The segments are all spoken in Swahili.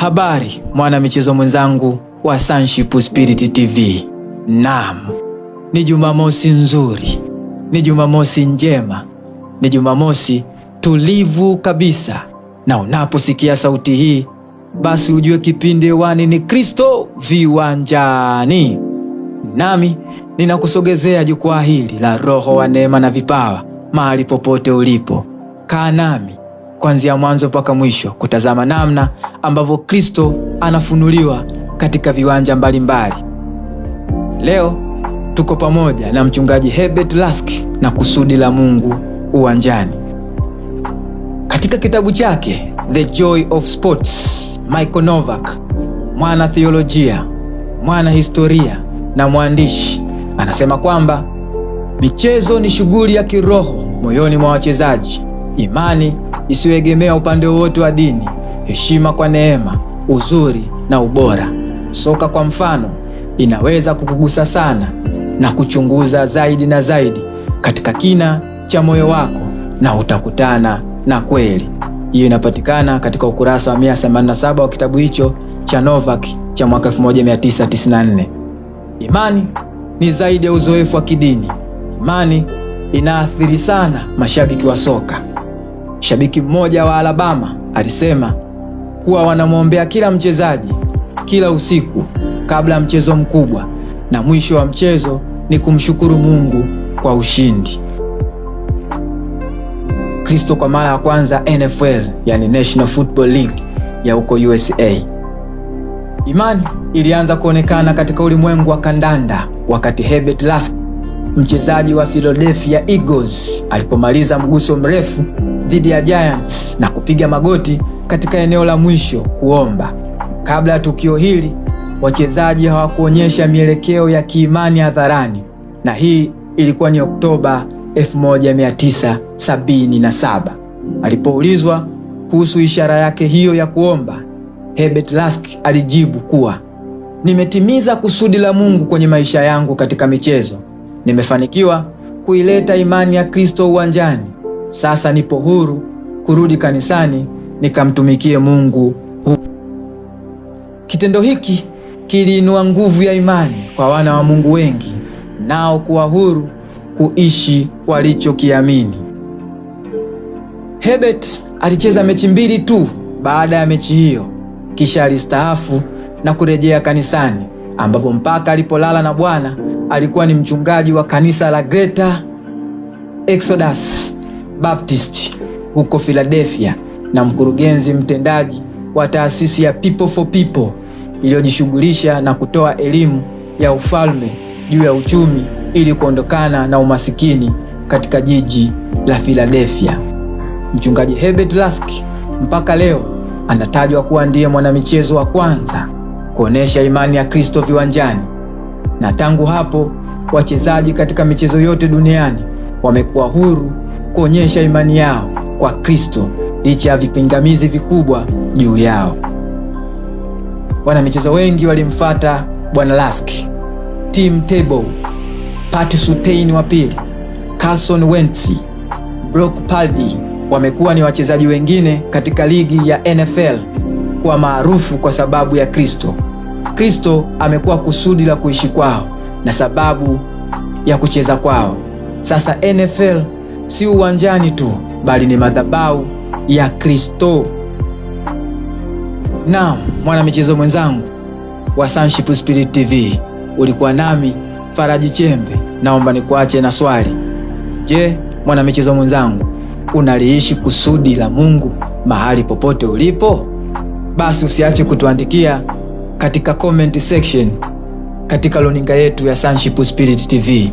Habari mwanamichezo mwenzangu wa Sanship Spirit TV. Naam, ni Jumamosi nzuri, ni Jumamosi njema, ni Jumamosi tulivu kabisa, na unaposikia sauti hii, basi ujue kipindi hewani ni Kristo Viwanjani, nami ninakusogezea jukwaa hili la Roho wa neema na vipawa mahali popote ulipo, kaa nami kuanzia mwanzo mpaka mwisho, kutazama namna ambavyo Kristo anafunuliwa katika viwanja mbalimbali mbali. Leo tuko pamoja na mchungaji Herbert lask na kusudi la Mungu uwanjani. Katika kitabu chake The Joy of Sports, Michael Novak, mwana theolojia, mwana historia na mwandishi, anasema kwamba michezo ni shughuli ya kiroho moyoni mwa wachezaji imani isiyoegemea upande wowote wa dini, heshima kwa neema, uzuri na ubora. Soka kwa mfano, inaweza kukugusa sana na kuchunguza zaidi na zaidi katika kina cha moyo wako na utakutana na kweli. Hiyo inapatikana katika ukurasa wa 187 wa kitabu hicho cha Novak cha mwaka 1994. Imani ni zaidi ya uzoefu wa kidini. Imani inaathiri sana mashabiki wa soka. Shabiki mmoja wa Alabama alisema kuwa wanamwombea kila mchezaji kila usiku kabla ya mchezo mkubwa, na mwisho wa mchezo ni kumshukuru Mungu kwa ushindi. Kristo kwa mara ya kwanza NFL, yani National Football League ya huko USA. Imani ilianza kuonekana katika ulimwengu wa kandanda wakati Herbert Lask, mchezaji wa Philadelphia Eagles, alipomaliza mguso mrefu dhidi ya Giants na kupiga magoti katika eneo la mwisho kuomba. Kabla ya tukio hili, wachezaji hawakuonyesha mielekeo ya kiimani hadharani, na hii ilikuwa ni Oktoba 1977. Alipoulizwa kuhusu ishara yake hiyo ya kuomba, Herbert Lask alijibu kuwa nimetimiza kusudi la Mungu kwenye maisha yangu katika michezo. Nimefanikiwa kuileta imani ya Kristo uwanjani. Sasa nipo huru kurudi kanisani nikamtumikie Mungu. Kitendo hiki kiliinua nguvu ya imani kwa wana wa Mungu wengi, nao kuwa huru kuishi walichokiamini. hebet alicheza mechi mbili tu baada ya mechi hiyo, kisha alistaafu na kurejea kanisani, ambapo mpaka alipolala na Bwana alikuwa ni mchungaji wa kanisa la Greater Exodus Baptist huko Philadelphia na mkurugenzi mtendaji wa taasisi ya People for People iliyojishughulisha na kutoa elimu ya ufalme juu ya uchumi ili kuondokana na umasikini katika jiji la Philadelphia. Mchungaji Herbert Lask mpaka leo anatajwa kuwa ndiye mwanamichezo wa kwanza kuonesha imani ya Kristo viwanjani, na tangu hapo wachezaji katika michezo yote duniani wamekuwa huru kuonyesha imani yao kwa Kristo licha ya vipingamizi vikubwa juu yao. Wanamichezo wengi walimfata Bwana Laski, Tim Tebow, Pat Surtain wa pili, Carson Wentz, Brock Purdy wamekuwa ni wachezaji wengine katika ligi ya NFL kuwa maarufu kwa sababu ya Kristo. Kristo amekuwa kusudi la kuishi kwao na sababu ya kucheza kwao. Sasa NFL si uwanjani tu, bali ni madhabahu ya Kristo. Naam, mwana michezo mwenzangu wa Sonship Spirit TV, ulikuwa nami Faraji Chembe. Naomba nikuache na swali. Je, mwana michezo mwenzangu, unaliishi kusudi la Mungu mahali popote ulipo? Basi usiache kutuandikia katika comment section katika loninga yetu ya Sonship Spirit TV.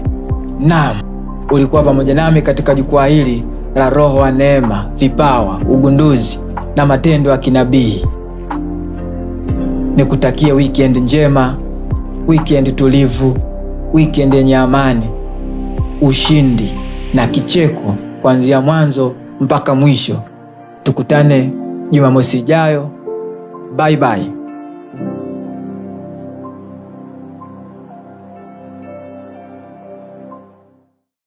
Naam ulikuwa pamoja nami katika jukwaa hili la roho wa neema, vipawa, ugunduzi na matendo ya kinabii. Nikutakie weekend njema, weekend tulivu, weekend yenye amani, ushindi na kicheko kuanzia mwanzo mpaka mwisho. Tukutane Jumamosi ijayo. Bye bye.